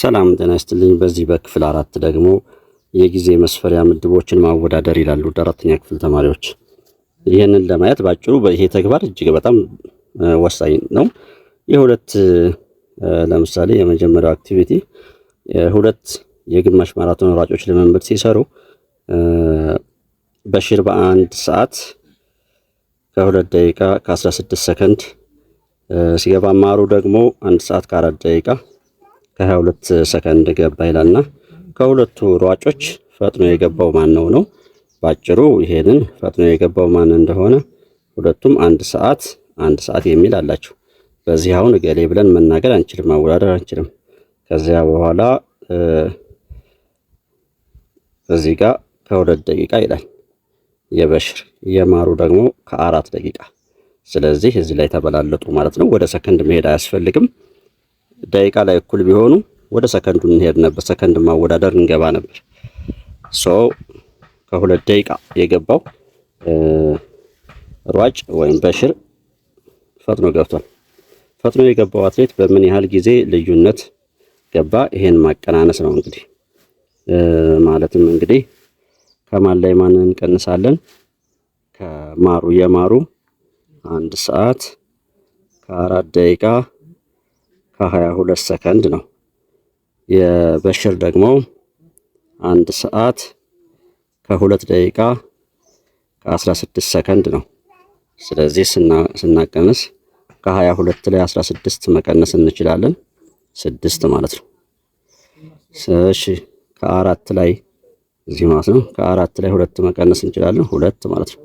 ሰላም ጤና ይስጥልኝ። በዚህ በክፍል አራት ደግሞ የጊዜ መስፈሪያ ምድቦችን ማወዳደር ይላሉ አራተኛ ክፍል ተማሪዎች። ይህንን ለማየት ባጭሩ ይሄ ተግባር እጅግ በጣም ወሳኝ ነው። የሁለት ለምሳሌ የመጀመሪያው አክቲቪቲ ሁለት የግማሽ ማራቶን ሯጮች ልምምድ ሲሰሩ በሺር በአንድ ሰዓት ከሁለት ደቂቃ ከ16 ሰከንድ ሲገባ ማሩ ደግሞ አንድ ሰዓት ከአራት ደቂቃ ከ22 ሰከንድ ገባ ይላልና ከሁለቱ ሯጮች ፈጥኖ የገባው ማን ነው ነው? ባጭሩ ይሄንን ፈጥኖ የገባው ማን እንደሆነ ሁለቱም አንድ ሰዓት አንድ ሰዓት የሚል አላቸው። በዚህ አሁን እገሌ ብለን መናገር አንችልም፣ ማወዳደር አንችልም። ከዚያ በኋላ እዚህ ጋር ከሁለት ደቂቃ ይላል የበሽር የማሩ ደግሞ ከአራት ደቂቃ። ስለዚህ እዚህ ላይ ተበላለጡ ማለት ነው። ወደ ሰከንድ መሄድ አያስፈልግም። ደቂቃ ላይ እኩል ቢሆኑ ወደ ሰከንዱ እንሄድ ነበር። ሰከንድ ማወዳደር እንገባ ነበር። ሶ ከሁለት ደቂቃ የገባው ሯጭ ወይም በሽር ፈጥኖ ገብቷል። ፈጥኖ የገባው አትሌት በምን ያህል ጊዜ ልዩነት ገባ? ይሄን ማቀናነስ ነው እንግዲህ። ማለትም እንግዲህ ከማን ላይ ማንን እንቀንሳለን? ከማሩ የማሩ አንድ ሰዓት ከአራት ደቂቃ ከ22 ሰከንድ ነው። የበሽር ደግሞ አንድ ሰዓት ከሁለት ደቂቃ ከ16 ሰከንድ ነው። ስለዚህ ስናቀንስ ከ22 ላይ 16 መቀነስ እንችላለን፣ ስድስት ማለት ነው። እሺ ከአራት ላይ እዚህ ማለት ነው። ከአራት ላይ ሁለት መቀነስ እንችላለን፣ ሁለት ማለት ነው።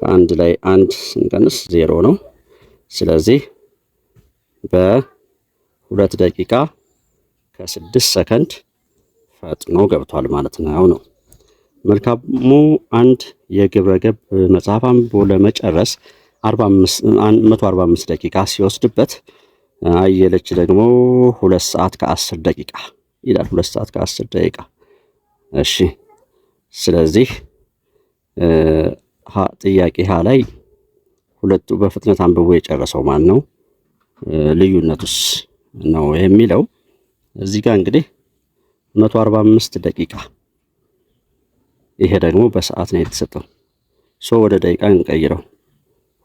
ከአንድ ላይ አንድ ስንቀንስ ዜሮ ነው። ስለዚህ በ ሁለት ደቂቃ ከስድስት ሰከንድ ፈጥኖ ገብቷል ማለት ነው ነው መልካሙ አንድ የግብረ ገብ መጽሐፍ አንብቦ ለመጨረስ 145 ደቂቃ ሲወስድበት አየለች ደግሞ ሁለት ሰዓት ከአስር ደቂቃ ይላል። ሁለት ሰዓት ከአስር ደቂቃ እሺ። ስለዚህ ጥያቄ ሀ ላይ ሁለቱ በፍጥነት አንብቦ የጨረሰው ማን ነው? ልዩነቱስ ነው የሚለው። እዚህ ጋር እንግዲህ 145 ደቂቃ ይሄ ደግሞ በሰዓት ነው የተሰጠው። ሶ ወደ ደቂቃ እንቀይረው።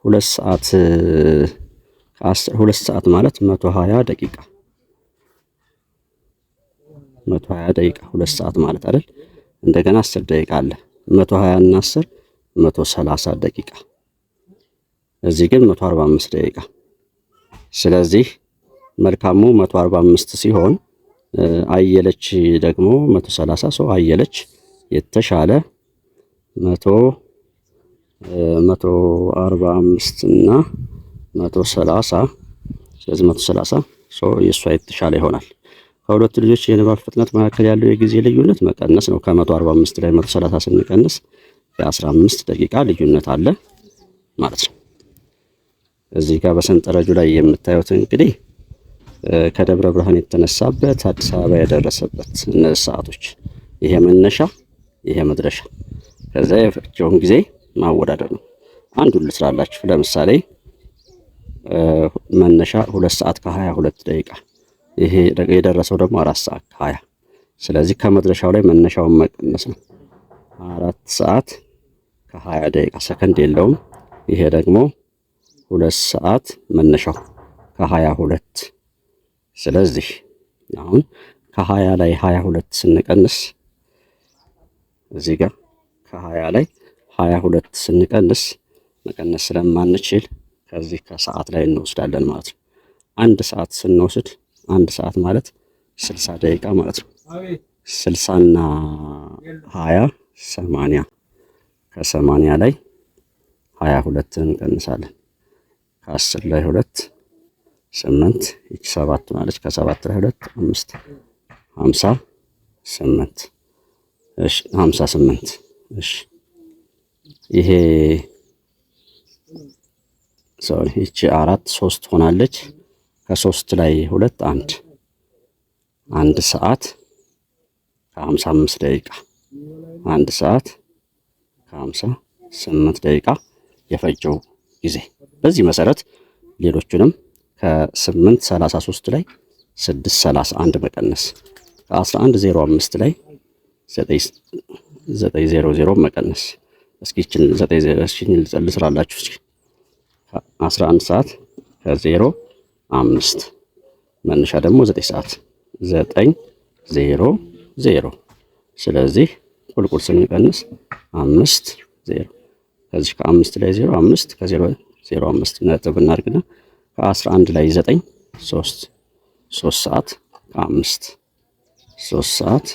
ሁለት ሰዓት ሁለት ሰዓት ማለት 120 ደቂቃ 120 ደቂቃ ሁለት ሰዓት ማለት አይደል? እንደገና 10 ደቂቃ አለ። 120 እና 10 130 ደቂቃ፣ እዚህ ግን 145 ደቂቃ። ስለዚህ መልካሙ 145 ሲሆን አየለች ደግሞ 130 ሰው አየለች የተሻለ 100 145 እና 130 ስለዚህ 130 ሰው የእሷ የተሻለ ይሆናል። ከሁለቱ ልጆች የንባብ ፍጥነት መካከል ያለው የጊዜ ልዩነት መቀነስ ነው። ከ145 ላይ 130 ስንቀንስ የ15 ደቂቃ ልዩነት አለ ማለት ነው። እዚህ ጋር በሰንጠረጁ ላይ የምታዩት እንግዲህ ከደብረ ብርሃን የተነሳበት አዲስ አበባ የደረሰበት እነዚህ ሰዓቶች፣ ይሄ መነሻ፣ ይሄ መድረሻ። ከዛ የፈጀውን ጊዜ ማወዳደር ነው። አንዱን ልስራላችሁ። ለምሳሌ መነሻ ሁለት ሰዓት ከሀያ ሁለት ደቂቃ ይሄ የደረሰው ደግሞ አራት ሰዓት ከሀያ ስለዚህ ከመድረሻው ላይ መነሻውን መቀነስ ነው። አራት ሰዓት ከሀያ ደቂቃ ሰከንድ የለውም። ይሄ ደግሞ ሁለት ሰዓት መነሻው ከሀያ ሁለት ስለዚህ አሁን ከሀያ ላይ ሀያ ሁለት ስንቀንስ እዚህ ጋር ከሀያ ላይ ሀያ ሁለት ስንቀንስ መቀነስ ስለማንችል ከዚህ ከሰዓት ላይ እንወስዳለን ማለት ነው። አንድ ሰዓት ስንወስድ አንድ ሰዓት ማለት ስልሳ ደቂቃ ማለት ነው። ስልሳና ሀያ ሰማንያ ከሰማንያ ላይ ሀያ ሁለትን እንቀንሳለን ከአስር ላይ ሁለት ስምንት ይች ሰባት ማለች ከሰባት ላይ ሁለት አምስት ሀምሳ ስምንት እሺ ሀምሳ ስምንት እሺ ይሄ ሶሪ ይቺ አራት ሶስት ሆናለች ከሶስት ላይ ሁለት አንድ አንድ ሰዓት ከሀምሳ አምስት ደቂቃ አንድ ሰዓት ከሀምሳ ስምንት ደቂቃ የፈጀው ጊዜ በዚህ መሰረት ሌሎቹንም ከስምንት ሰላሳ ሶስት ላይ 631 መቀነስ ከ ከ1105 ላይ ዘጠኝ መቀነስ። እስኪ ይችን ዘጠኝ ልስራላችሁ እስኪ አስራ ሰዓት ከ05 መነሻ ደግሞ 9 ሰዓት ዘጠኝ ስለዚህ ቁልቁል ስንቀንስ አምስት ዜሮ ከዚህ ከአምስት ላይ ዜሮ አምስት ከዜሮ ዜሮ አምስት ነጥብ እናድርግና ከ11 ላይ 9 3 3 ሰዓት 5 3 ሰዓት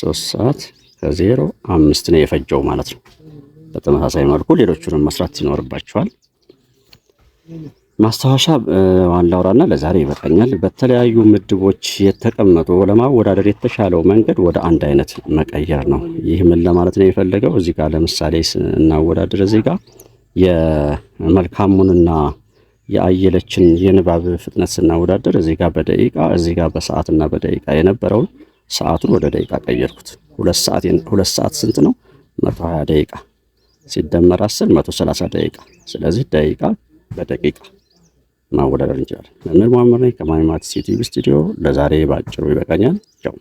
3 ሰዓት ከዜሮ አምስት ነው የፈጀው ማለት ነው። በተመሳሳይ መልኩ ሌሎችንም መስራት ይኖርባቸዋል። ማስታወሻ ዋንላውራና ለዛሬ ይበቃኛል። በተለያዩ ምድቦች የተቀመጡ ለማወዳደር የተሻለው መንገድ ወደ አንድ አይነት መቀየር ነው። ይህ ምን ለማለት ነው የፈለገው? እዚህ ጋር ለምሳሌ እናወዳደር እዚህ ጋር የመልካሙንና የአየለችን የንባብ ፍጥነት ስናወዳደር እዚህ ጋር በደቂቃ እዚህ ጋር በሰዓት እና በደቂቃ የነበረውን ሰዓቱን ወደ ደቂቃ ቀየርኩት። ሁለት ሰዓት ስንት ነው? 120 ደቂቃ ሲደመር 10 130 ደቂቃ። ስለዚህ ደቂቃ በደቂቃ ማወዳደር እንችላለን። መምህር መሐመድ ነኝ ከማኒማቲክስ ዩቲዩብ ስቱዲዮ። ለዛሬ ባጭሩ ይበቃኛል። ቻው።